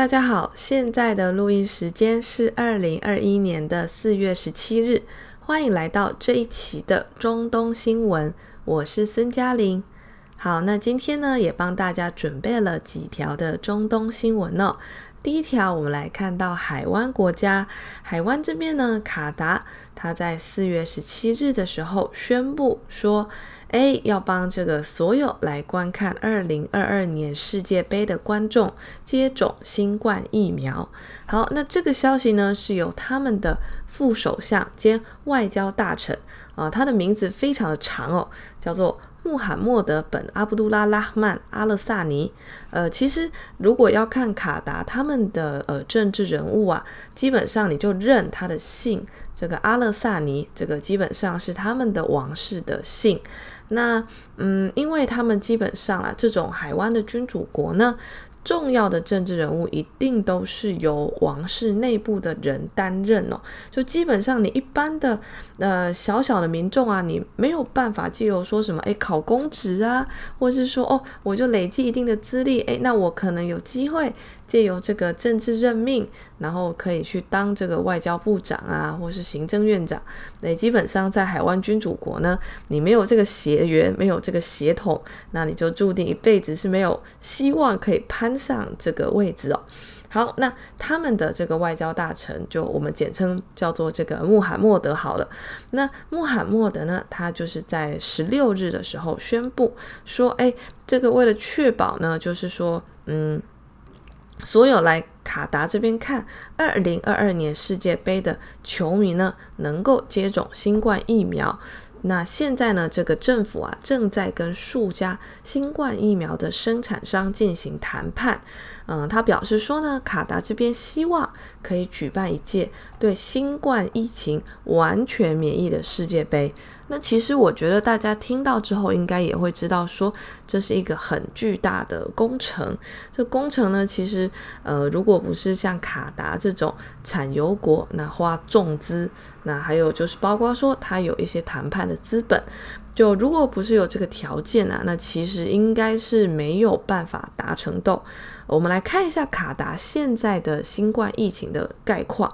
大家好，現在的錄音時間是二零二一年的四月十七日，歡迎來到這一期的中東新聞，我是孫嘉玲。好，那今天呢也幫大家準備了幾條的中東新聞呢，哦。第一條，我們來看到海灣國家，海灣這邊呢，卡達，他在四月十七日的時候宣布說。A 要幫這個所有來觀看二零二二年世界杯的觀眾接種新冠疫苗。好，那這個消息呢是由他們的副首相兼外交大臣啊，呃，他的名字非常的長哦，叫做穆罕默德本阿卜杜拉拉曼阿勒薩尼。呃，其實如果要看卡達他們的呃政治人物啊，基本上你就認他的姓，這個阿勒薩尼，這個基本上是他們的王室的姓。那，嗯，因為他們基本上啊，這種海灣的君主國呢，重要的政治人物一定都是由王室內部的人擔任哦，就基本上你一般的。那小小的民眾啊，你沒有辦法借由說什麼，誒、欸、考公職啊，或是說，哦，我就累積一定的資歷，誒、欸。那我可能有機會借由這個政治任命，然後可以去當這個外交部長啊，或是行政院長。那、欸、基本上在海灣君主國呢，你沒有這個血緣，沒有這個血統，那你就注定一輩子是沒有希望可以攀上這個位置哦。好，那他們的這個外交大臣，就我們簡稱叫做這個穆罕默德好了。那穆罕默德呢，他就是在十六日的時候宣布說，誒，這個為了確保呢，就是說，嗯，所有來卡達這邊看二零二二年世界杯的球迷呢，能夠接種新冠疫苗。那現在呢，這個政府啊，正在跟數家新冠疫苗的生產商進行談判。嗯，他表示說呢，卡達這邊希望可以舉辦一屆對新冠疫情完全免疫的世界杯。那其實我覺得大家聽到之後，應該也會知道，說這是一個很巨大的工程。這工程呢，其實呃，如果不是像卡達這種產油國，那花重資，那還有就是包括說它有一些談判的資本。就如果不是有這個條件啊，那其實應該是沒有辦法達成的。我們來看一下卡達現在的新冠疫情的概況。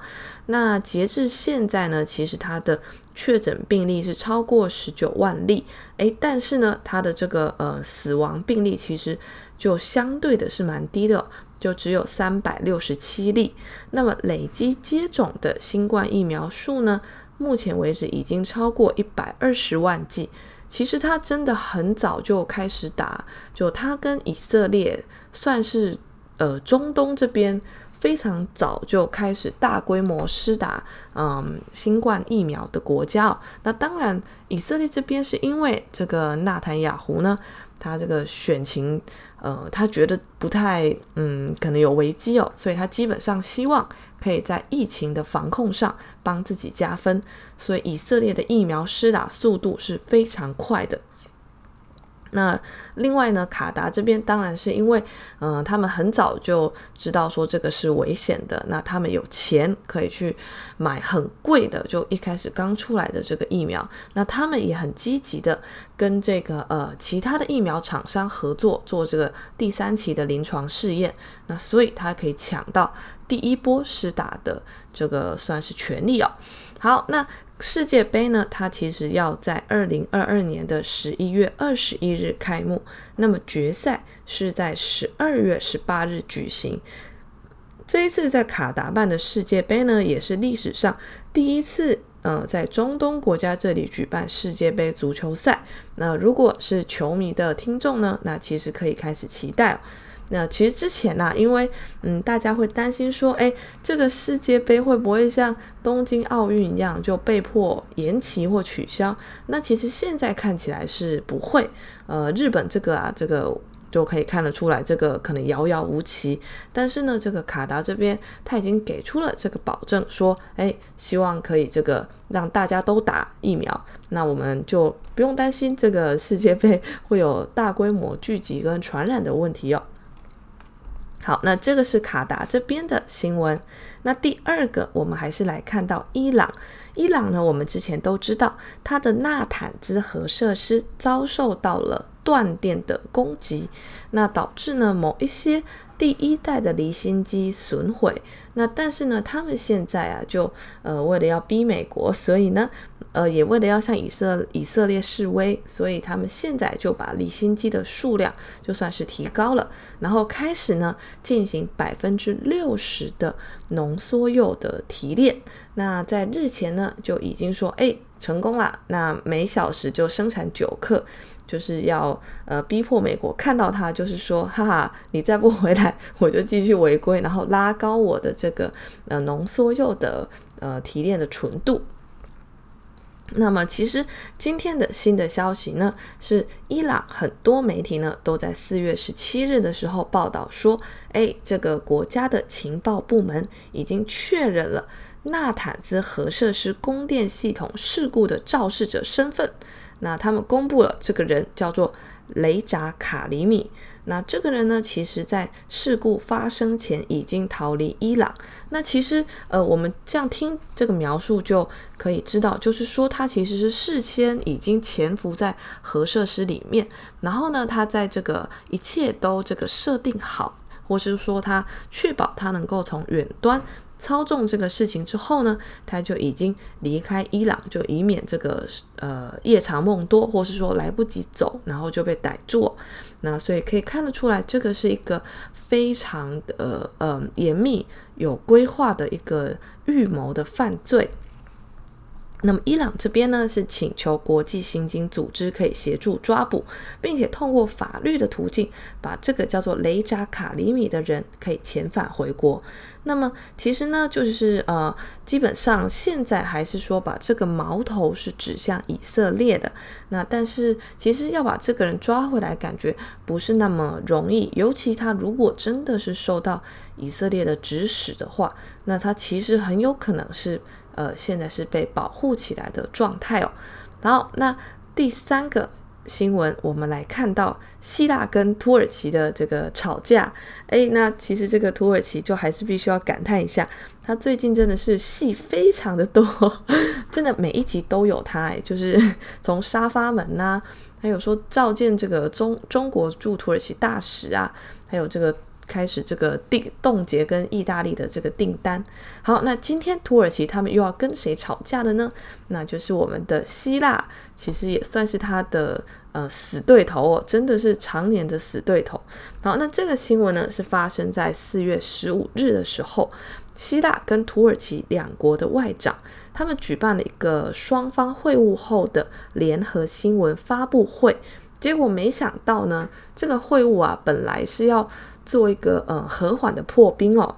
那截至現在呢，其實它的。確診病例是超過十九萬例，誒。但是呢，它的這個呃死亡病例其實就相對的是蠻低的，就只有三百六十七例。那麼累計接種的新冠疫苗數呢，目前為止已經超過一百二十萬劑。其實它真的很早就開始打，就它跟以色列算是呃中東這邊。非常早就開始大規模施打，嗯，新冠疫苗的國家哦。那當然，以色列這邊是因為這個納坦雅胡呢，他這個選情，呃，他覺得不太，嗯，可能有危機哦，所以他基本上希望可以在疫情的防控上幫自己加分，所以以色列的疫苗施打速度是非常快的。那另外呢，卡達這邊當然是因為，嗯、呃，他們很早就知道說這個是危險的，那他們有錢可以去買很貴的，就一開始剛出來的這個疫苗，那他們也很積極的跟這個呃其他的疫苗廠商合作做這個第三期的臨床試驗，那所以他可以搶到第一波施打的這個算是權利哦。好，那。世界盃呢，它其實要在二零二二年的十一月二十一日開幕，那麼決賽是在十二月十八日舉行。這一次在卡達辦的世界盃呢，也是歷史上第一次，嗯、呃，在中東國家這裡舉辦世界盃足球賽。那如果是球迷的聽眾呢，那其實可以開始期待、哦。那其實之前呢、啊，因為嗯，大家會擔心說，哎，這個世界杯會不會像東京奧運一樣就被迫延期或取消？那其實現在看起來是不會。呃，日本這個啊，這個就可以看得出來，這個可能遙遙無期。但是呢，這個卡達這邊他已經給出了這個保證，說，哎，希望可以這個讓大家都打疫苗，那我們就不用擔心這個世界杯會有大規模聚集跟傳染的問題喲、哦。好，那這個是卡達這邊的新聞。那第二個，我們還是來看到伊朗。伊朗呢，我們之前都知道，它的納坦茲核設施遭受到了斷電的攻擊，那導致呢某一些第一代的離心機損毀。那但是呢，他們現在啊，就呃為了要逼美國，所以呢。呃，也為了要向以色以色列示威，所以他們現在就把離心機的數量就算是提高了，然後開始呢進行百分之六十的濃縮鈾的提煉。那在日前呢就已經說，哎，成功了。那每小時就生產九克，就是要呃逼迫美國看到它，就是說，哈哈，你再不回來，我就繼續違規，然後拉高我的這個呃濃縮鈾的呃提煉的純度。那麼，其實今天的新的消息呢，是伊朗很多媒體呢都在四月十七日的時候報道說，哎，這個國家的情報部門已經確認了納坦茲核設施供電系統事故的肇事者身份。那他們公布了這個人叫做雷扎卡里米。那這個人呢，其實在事故發生前已經逃離伊朗。那其實，呃，我們這樣聽這個描述就可以知道，就是說他其實是事先已經潛伏在核設施裡面，然後呢，他在這個一切都這個設定好，或是說他確保他能夠從遠端。操縱這個事情之後呢，他就已經離開伊朗，就以免這個呃夜長夢多，或是說來不及走，然後就被逮住。那所以可以看得出來，這個是一個非常呃呃嚴密、有規劃的一個預謀的犯罪。那麼伊朗這邊呢，是請求國際刑警組織可以協助抓捕，並且通過法律的途徑把這個叫做雷扎卡里米的人可以遣返回國。那麼其實呢就是呃，基本上現在還是說把這個矛頭是指向以色列的。那但是其實要把這個人抓回來，感覺不是那麼容易。尤其他如果真的是受到以色列的指使的話，那他其實很有可能是。呃，現在是被保護起來的狀態哦。然後，那第三個新聞，我們來看到希臘跟土耳其的這個吵架。哎，那其實這個土耳其就還是必須要感嘆一下，他最近真的是戲非常的多，真的每一集都有他哎，就是從沙發門吶、啊，還有說召見這個中中國駐土耳其大使啊，還有這個。開始這個訂凍結跟意大利的這個訂單。好，那今天土耳其他們又要跟誰吵架了呢？那就是我們的希臘，其實也算是他的呃死對頭哦，真的是常年的死對頭。好，那這個新聞呢是發生在四月十五日的時候，希臘跟土耳其兩國的外長他們舉辦了一個雙方會晤後的聯合新聞發布會，結果沒想到呢，這個會晤啊本來是要。做一個呃、嗯、和緩的破冰哦，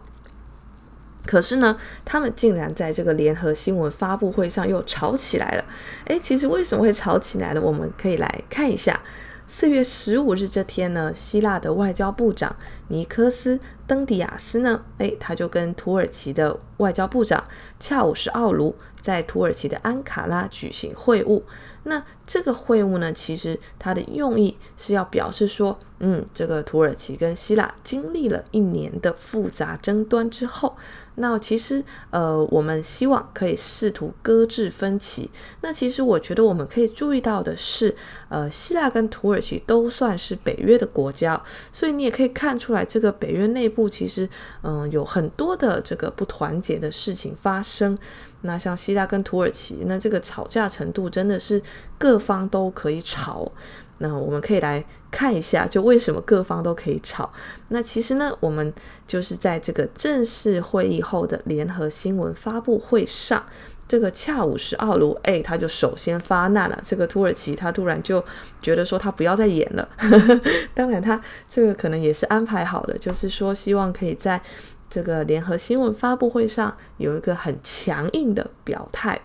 可是呢，他們竟然在這個聯合新聞發布會上又吵起來了。哎，其實為什麼會吵起來了？我們可以來看一下。四月十五日這天呢，希臘的外交部長尼科斯·登迪亞斯呢，誒，他就跟土耳其的外交部長恰武什奧盧在土耳其的安卡拉舉行會晤。那這個會晤呢，其實它的用意是要表示說，嗯，這個土耳其跟希臘經歷了一年的複雜爭端之後。那其實，呃，我們希望可以試圖擱置分歧。那其實，我覺得我們可以注意到的是，呃，希臘跟土耳其都算是北約的國家，所以你也可以看出來，這個北約內部其實，嗯、呃，有很多的這個不團結的事情發生。那像希臘跟土耳其，那這個吵架程度真的是各方都可以吵。那我們可以來看一下，就為什麼各方都可以吵。那其實呢，我們就是在這個正式會議後的聯合新聞發佈會上，這個恰武什奧盧誒、欸、他就首先發難了。這個土耳其他突然就覺得說他不要再演了， 當然他這個可能也是安排好的，就是說希望可以在這個聯合新聞發佈會上有一個很強硬的表態。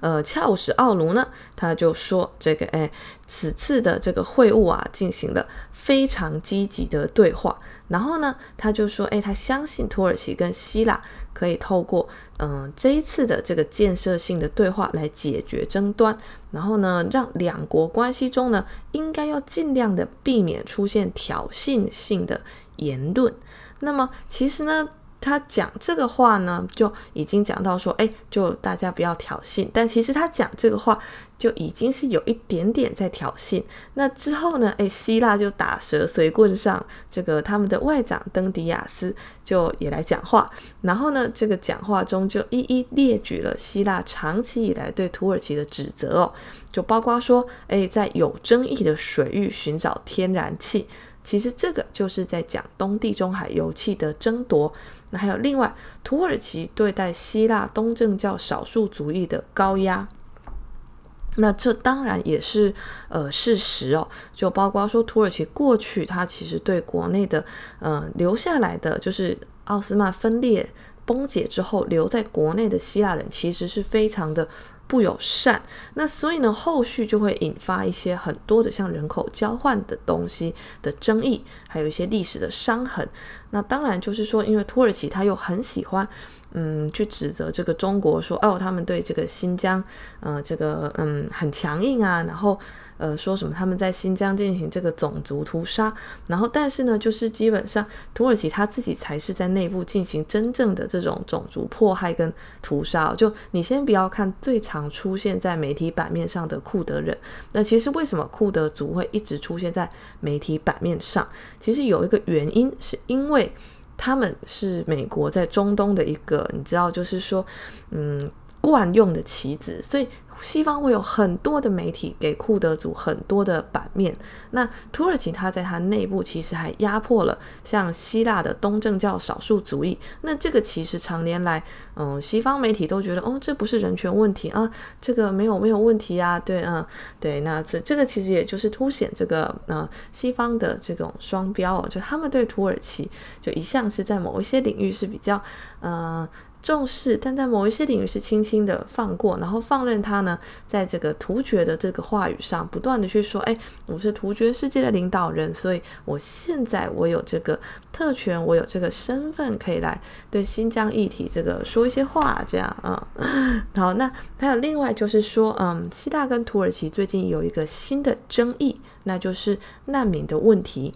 呃，恰武什奧盧呢，他就說這個，哎，此次的這個會晤啊，進行了非常積極的對話。然後呢，他就說，哎，他相信土耳其跟希臘可以透過，嗯、呃，這一次的這個建設性的對話來解決爭端。然後呢，讓兩國關係中呢，應該要盡量的避免出現挑釁性的言論。那麼，其實呢，他講這個話呢，就已經講到說，哎，就大家不要挑釁。但其實他講這個話，就已經是有一點點在挑釁。那之後呢，誒，希臘就打蛇隨棍上，這個他們的外長登迪亞斯就也來講話。然後呢，這個講話中就一一列舉了希臘長期以來對土耳其的指責哦，就包括說，哎，在有爭議的水域尋找天然氣，其實這個就是在講東地中海油氣的爭奪。那還有另外，土耳其對待希臘東正教少數族裔的高壓，那這當然也是呃事實哦。就包括說，土耳其過去它其實對國內的呃留下來的就是奧斯曼分裂崩解之後留在國內的希臘人，其實是非常的不友善，那所以呢，後續就會引發一些很多的像人口交換的東西的爭議，還有一些歷史的傷痕。那當然就是說，因為土耳其他又很喜歡，嗯，去指責這個中國說，哦，他們對這個新疆，呃，這個，嗯，很強硬啊，然後。呃，說什麼他們在新疆進行這個種族屠殺，然後但是呢，就是基本上土耳其他自己才是在內部進行真正的這種種族迫害跟屠殺。就你先不要看最常出現在媒體版面上的庫德人，那其實為什麼庫德族會一直出現在媒體版面上？其實有一個原因，是因為他們是美國在中東的一個，你知道，就是說，嗯。慣用的棋子，所以西方會有很多的媒體給庫德族很多的版面。那土耳其他在他內部其實還壓迫了像希臘的東正教少數族裔。那這個其實常年來，嗯，西方媒體都覺得哦，這不是人權問題啊，這個沒有沒有問題啊，對，嗯，對。那這這個其實也就是凸顯這個，嗯、呃，西方的這種雙標，就他們對土耳其就一向是在某一些領域是比較，嗯、呃。重視，但在某一些領域是輕輕的放過，然後放任他呢，在這個突厥的這個話語上不斷的去說，哎，我是突厥世界的領導人，所以我現在我有這個特權，我有這個身份可以來對新疆議題這個說一些話，這樣啊，嗯。好，那還有另外就是說，嗯，希臘跟土耳其最近有一個新的爭議，那就是難民的問題。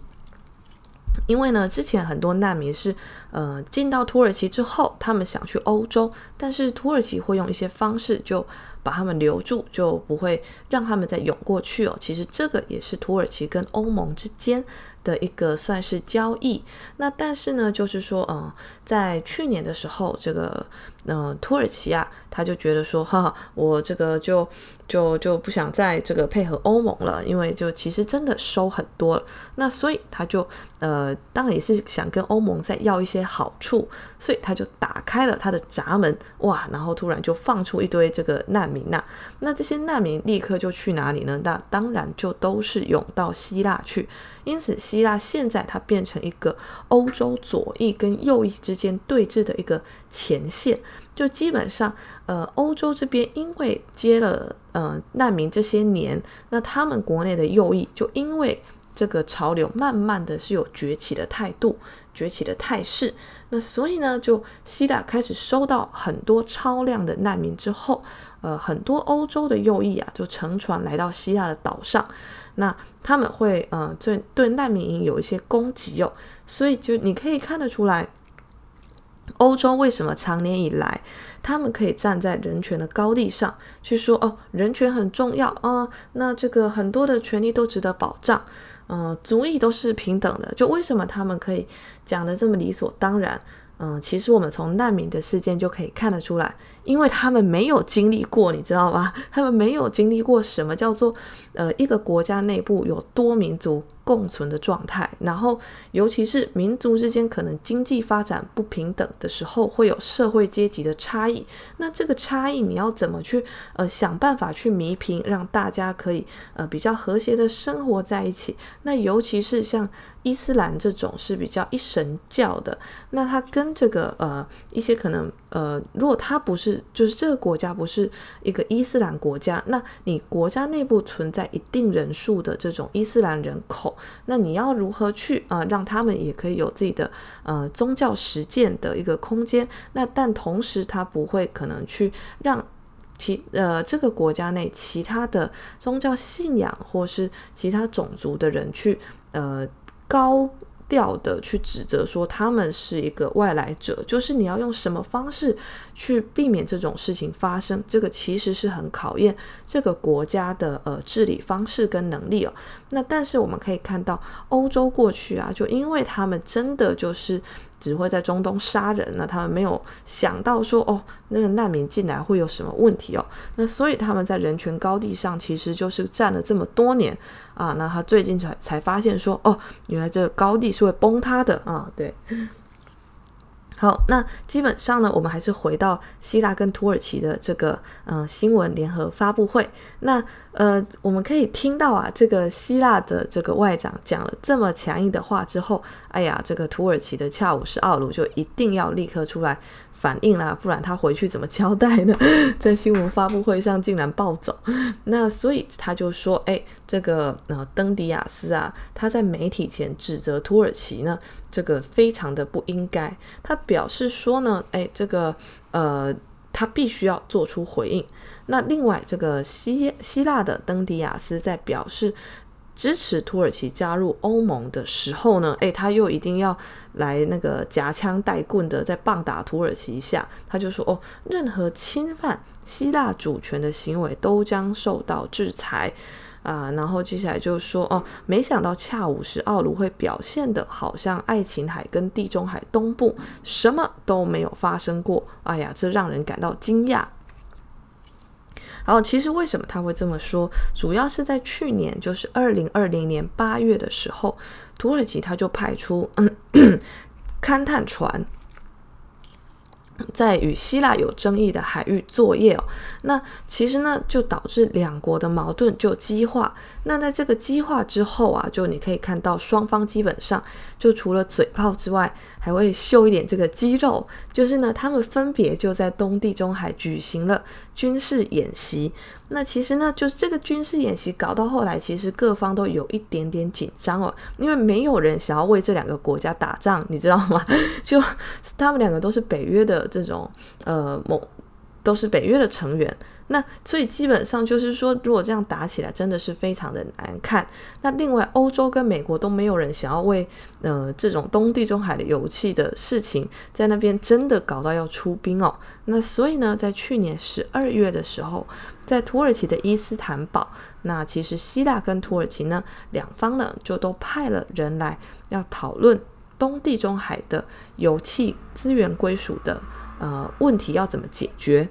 因為呢，之前很多難民是，呃，進到土耳其之後，他們想去歐洲，但是土耳其會用一些方式就把他們留住，就不會讓他們再湧過去哦。其實這個也是土耳其跟歐盟之間的一個算是交易。那但是呢，就是說，嗯、呃，在去年的時候，這個，嗯、呃，土耳其啊。他就覺得說，哈，哈，我這個就就就不想再這個配合歐盟了，因為就其實真的收很多了。那所以他就呃，當然也是想跟歐盟再要一些好處，所以他就打開了他的閘門，哇，然後突然就放出一堆這個難民吶、啊。那這些難民立刻就去哪裡呢？那當然就都是湧到希臘去。因此，希臘現在它變成一個歐洲左翼跟右翼之間對峙的一個前線。就基本上，呃，歐洲這邊因為接了呃難民這些年，那他們國內的右翼就因為這個潮流，慢慢的是有崛起的態度，崛起的態勢。那所以呢，就希臘開始收到很多超量的難民之後，呃，很多歐洲的右翼啊，就乘船來到希臘的島上，那他們會呃對對難民營有一些攻擊喲、哦。所以就你可以看得出來。歐洲為什麼長年以來，他們可以站在人權的高地上去說哦，人權很重要啊、哦，那這個很多的權利都值得保障，嗯、呃，族裔都是平等的。就為什麼他們可以講得這麼理所當然？嗯、呃，其實我們從難民的事件就可以看得出來。因為他們沒有經歷過，你知道嗎？他們沒有經歷過什麼叫做呃一個國家內部有多民族共存的狀態，然後尤其是民族之間可能經濟發展不平等的時候，會有社會階級的差異。那這個差異你要怎麼去呃想辦法去彌平，讓大家可以呃比較和諧的生活在一起？那尤其是像伊斯蘭這種是比較一神教的，那它跟這個呃一些可能呃如果它不是就是這個國家不是一個伊斯蘭國家，那你國家內部存在一定人數的這種伊斯蘭人口，那你要如何去呃讓他們也可以有自己的呃宗教實踐的一個空間？那但同時，他不會可能去讓其呃這個國家內其他的宗教信仰或是其他種族的人去呃高。掉的去指責說他們是一個外來者，就是你要用什麼方式去避免這種事情發生，這個其實是很考驗這個國家的呃治理方式跟能力哦。那但是我們可以看到，歐洲過去啊，就因為他們真的就是只會在中東殺人，啊，那他們沒有想到說哦那個難民進來會有什麼問題哦，那所以他們在人權高地上其實就是佔了這麼多年。啊，那他最近才才發現說，哦，原來這個高地是會崩塌的啊。對，好，那基本上呢，我們還是回到希臘跟土耳其的這個嗯、呃、新聞聯合發布會。那呃，我們可以聽到啊，這個希臘的這個外長講了這麼強硬的話之後，哎呀，這個土耳其的恰武什奧盧就一定要立刻出來反應啦，啊，不然他回去怎麼交代呢？在新聞發布會上竟然暴走，那所以他就說，哎。這個呃，登迪亞斯啊，他在媒體前指責土耳其呢，這個非常的不應該。他表示說呢，誒，這個呃，他必須要做出回應。那另外，這個希希臘的登迪亞斯在表示支持土耳其加入歐盟的時候呢，誒，他又一定要來那個夾槍帶棍的在棒打土耳其一下。他就說哦，任何侵犯希臘主權的行為都將受到制裁。啊，然後接下來就是說哦，沒想到恰武什奧盧會表現得，好像愛琴海跟地中海東部什麼都沒有發生過。哎呀，這讓人感到驚訝。然後，其實為什麼他會這麼說？主要是在去年，就是二零二零年八月的時候，土耳其他就派出勘、嗯、 探船。在與希臘有爭議的海域作業哦，那其實呢就導致兩國的矛盾就激化。那在這個激化之後啊，就你可以看到雙方基本上就除了嘴炮之外，還會秀一點這個肌肉，就是呢他們分別就在東地中海舉行了軍事演習。那其實呢，就是這個軍事演習搞到後來，其實各方都有一點點緊張哦。因為沒有人想要為這兩個國家打仗，你知道嗎？就他們兩個都是北約的這種呃某都是北約的成員，那所以基本上就是說，如果這樣打起來，真的是非常的難看。那另外，歐洲跟美國都沒有人想要為呃這種東地中海的油氣的事情，在那邊真的搞到要出兵哦。那所以呢，在去年十二月的時候。在土耳其的伊斯坦堡，那其實希臘跟土耳其呢兩方呢，就都派了人來要討論東地中海的油氣資源歸屬的呃問題要怎麼解決。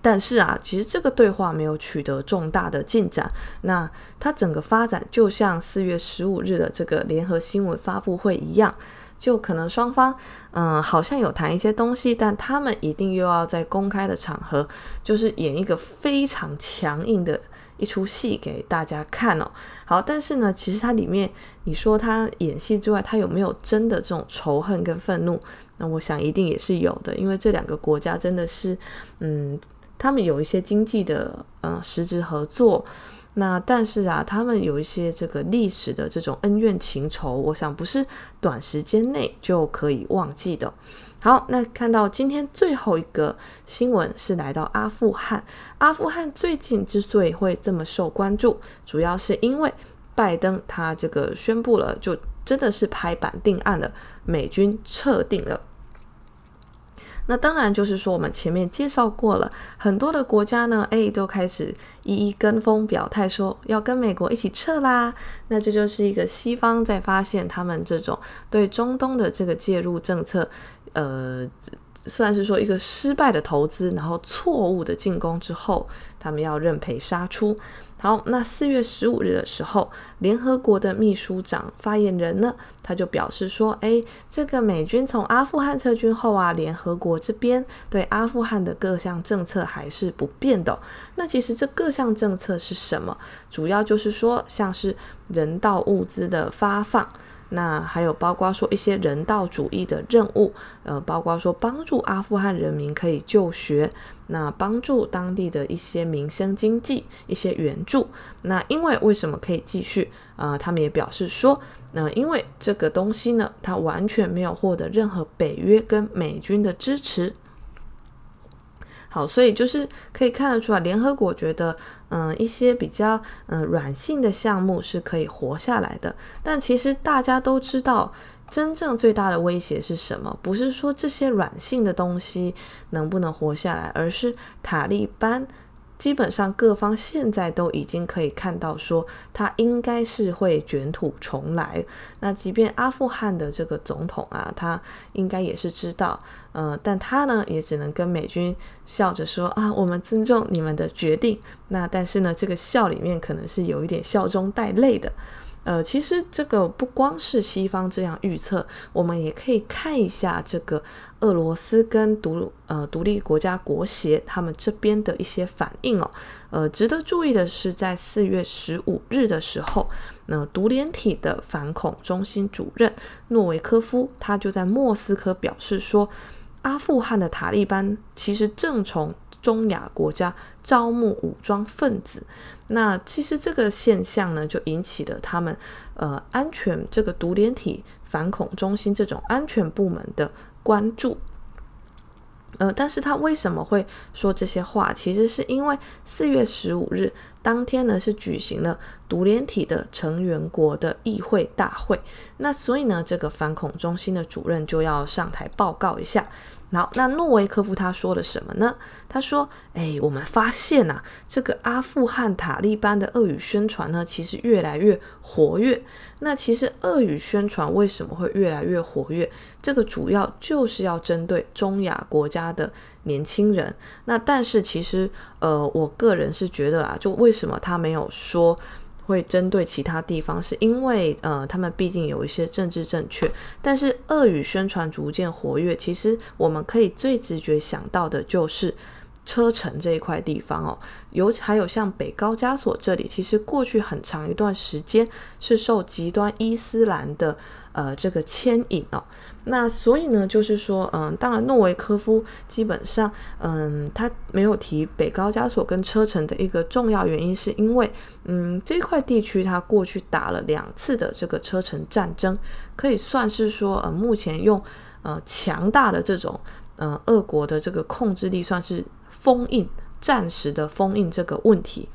但是啊，其實這個對話沒有取得重大的進展。那它整個發展就像四月十五日的這個聯合新聞發布會一樣。就可能雙方，嗯，好像有談一些東西，但他們一定又要在公開的場合，就是演一個非常強硬的一出戲給大家看哦。好，但是呢，其實它裡面，你說他演戲之外，他有沒有真的這種仇恨跟憤怒？那我想一定也是有的，因為這兩個國家真的是，嗯，他們有一些經濟的，呃、嗯，實質合作。那但是啊，他們有一些這個歷史的這種恩怨情仇，我想不是短時間內就可以忘記的。好，那看到今天最後一個新聞是來到阿富汗。阿富汗最近之所以會這麼受關注，主要是因為拜登他這個宣布了，就真的是拍板定案了，美軍撤定了。那當然就是說，我們前面介紹過了，很多的國家呢，誒，都開始一一跟風表態說，說要跟美國一起撤啦。那這就是一個西方在發現他們這種對中東的這個介入政策，呃，算是說一個失敗的投資，然後錯誤的進攻之後，他們要認賠殺出。好，那四月十五日的時候，聯合國的秘書長發言人呢，他就表示說：“誒，這個美軍從阿富汗撤軍後啊，聯合國這邊對阿富汗的各項政策還是不變的哦。那其實這各項政策是什麼？主要就是說，像是人道物資的發放。”那還有包括說一些人道主義的任務，呃，包括說幫助阿富汗人民可以就學，那幫助當地的一些民生經濟，一些援助。那因為為什麼可以繼續？呃，他們也表示說，那，呃，因為這個東西呢，它完全沒有獲得任何北約跟美軍的支持。好，所以就是可以看得出來，聯合國覺得，嗯，一些比較嗯軟性的項目是可以活下來的。但其實大家都知道，真正最大的威脅是什麼？不是說這些軟性的東西能不能活下來，而是塔利班。基本上各方現在都已經可以看到，說他應該是會捲土重來。那即便阿富汗的這個總統啊，他應該也是知道。呃，但他呢也只能跟美軍笑着說啊，我們尊重你們的決定。那但是呢，這個笑裡面可能是有一點笑中帶淚的。呃，其實這個不光是西方這樣預測，我們也可以看一下這個俄羅斯跟獨呃獨立國家國協他們這邊的一些反應哦。呃，值得注意的是，在四月十五日的時候，那獨聯體的反恐中心主任諾維科夫他就在莫斯科表示說。阿富汗的塔利班其實正從中亞國家招募武裝分子，那其實這個現象呢，就引起了他們呃安全這個獨聯體反恐中心這種安全部門的關注。呃，但是他為什麼會說這些話？其實是因為四月十五日。當天呢，是舉行了獨聯體的成員國的議會大會，那所以呢，這個反恐中心的主任就要上台報告一下。好，那諾維科夫他說了什麼呢？他說：“誒，我們發現啊，這個阿富汗塔利班的俄語宣傳呢，其實越來越活躍。那其實俄語宣傳為什麼會越來越活躍？這個主要就是要針對中亞國家的。”年輕人，那但是其實，呃，我個人是覺得啊，就為什麼他沒有說會針對其他地方，是因為呃，他們畢竟有一些政治正確。但是俄語宣傳逐漸活躍，其實我們可以最直覺想到的就是車臣這一塊地方哦，尤其還有像北高加索這裡，其實過去很長一段時間是受極端伊斯蘭的呃這個牽引哦。那所以呢，就是說，嗯，當然，諾維科夫基本上，嗯，他沒有提北高加索跟車臣的一個重要原因，是因為，嗯，這塊地區他過去打了兩次的這個車臣戰爭，可以算是說，呃、嗯，目前用呃強大的這種，呃俄國的這個控制力，算是封印，暫時的封印這個問題。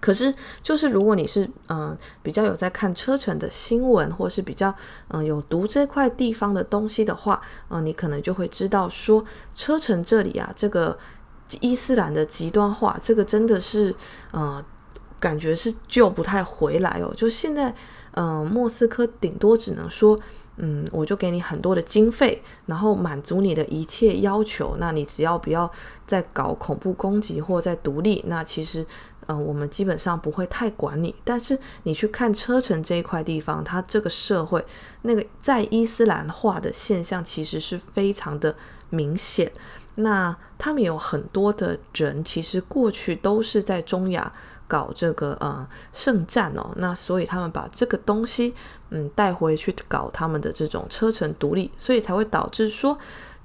可是，就是如果你是嗯、呃、比較有在看車臣的新聞，或是比較嗯、呃、有讀這塊地方的東西的話，嗯、呃、你可能就會知道說車臣這裡啊，這個伊斯蘭的極端化，這個真的是呃感覺是救不太回來哦。就現在，嗯、呃，莫斯科頂多只能說，嗯，我就給你很多的經費，然後滿足你的一切要求。那你只要不要再搞恐怖攻擊或在獨立，那其實。嗯、呃，我們基本上不會太管你，但是你去看車臣這一塊地方，它這個社會那個在伊斯蘭化的現象其實是非常的明顯。那他們有很多的人，其實過去都是在中亞搞這個呃聖戰哦，那所以他們把這個東西嗯帶回去搞他們的這種車臣獨立，所以才會導致說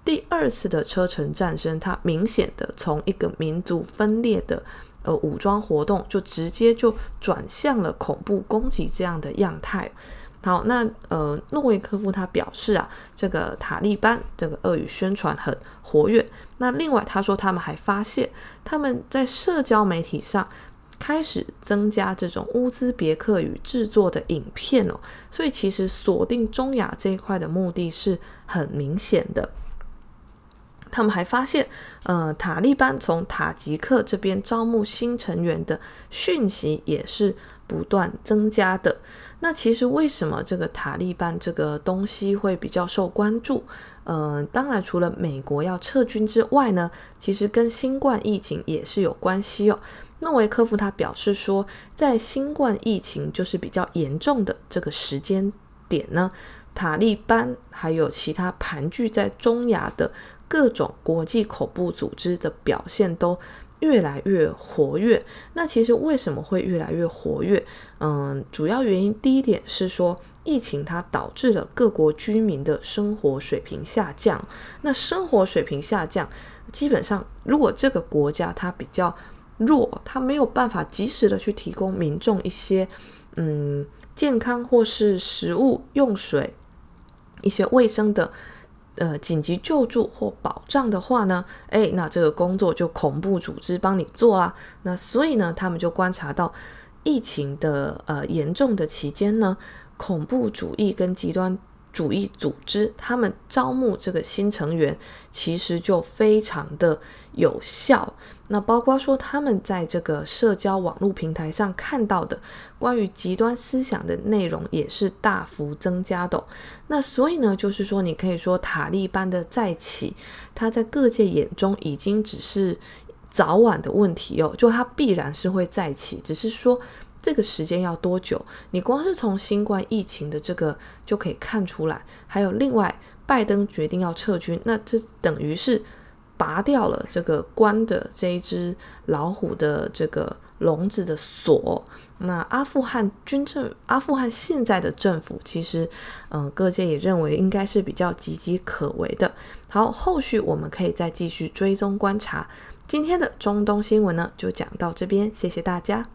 第二次的車臣戰爭，它明顯的從一個民族分裂的。呃，武裝活動就直接就轉向了恐怖攻擊這樣的樣態。好，那呃，諾維科夫他表示啊，這個塔利班這個俄語宣傳很活躍。那另外他說，他們還發現他們在社交媒體上開始增加這種烏茲別克語製作的影片哦。所以其實鎖定中亞這一塊的目的是很明顯的。他們還發現，呃，塔利班從塔吉克這邊招募新成員的訊息也是不斷增加的。那其實為什麼這個塔利班這個東西會比較受關注？呃，當然除了美國要撤軍之外呢，其實跟新冠疫情也是有關係哦。諾維科夫他表示說，在新冠疫情就是比較嚴重的這個時間點呢，塔利班還有其他盤踞在中亞的。各種國際恐怖組織的表現都越來越活躍。那其實為什麼會越來越活躍？嗯，主要原因第一點是說，疫情它導致了各國居民的生活水平下降。那生活水平下降，基本上如果這個國家它比較弱，它沒有辦法及時的去提供民眾一些嗯健康或是食物、用水、一些衛生的。呃，緊急救助或保障的話呢，誒、欸，那這個工作就恐怖組織幫你做啊。那所以呢，他們就觀察到，疫情的呃嚴重的期間呢，恐怖主義跟極端主義組織他們招募這個新成員，其實就非常的有效，那包括說他們在這個社交網絡平台上看到的關於極端思想的內容也是大幅增加的哦。那所以呢，就是說你可以說塔利班的再起，他在各界眼中已經只是早晚的問題喲哦。就他必然是會再起，只是說這個時間要多久？你光是從新冠疫情的這個就可以看出來，還有另外拜登決定要撤軍，那這等於是。拔掉了這個關的這一只老虎的這個籠子的鎖，那阿富汗軍政，阿富汗現在的政府其實，嗯，各界也認為應該是比較岌岌可危的。好，後續我們可以再繼續追蹤觀察。今天的中東新聞呢，就講到這邊，謝謝大家。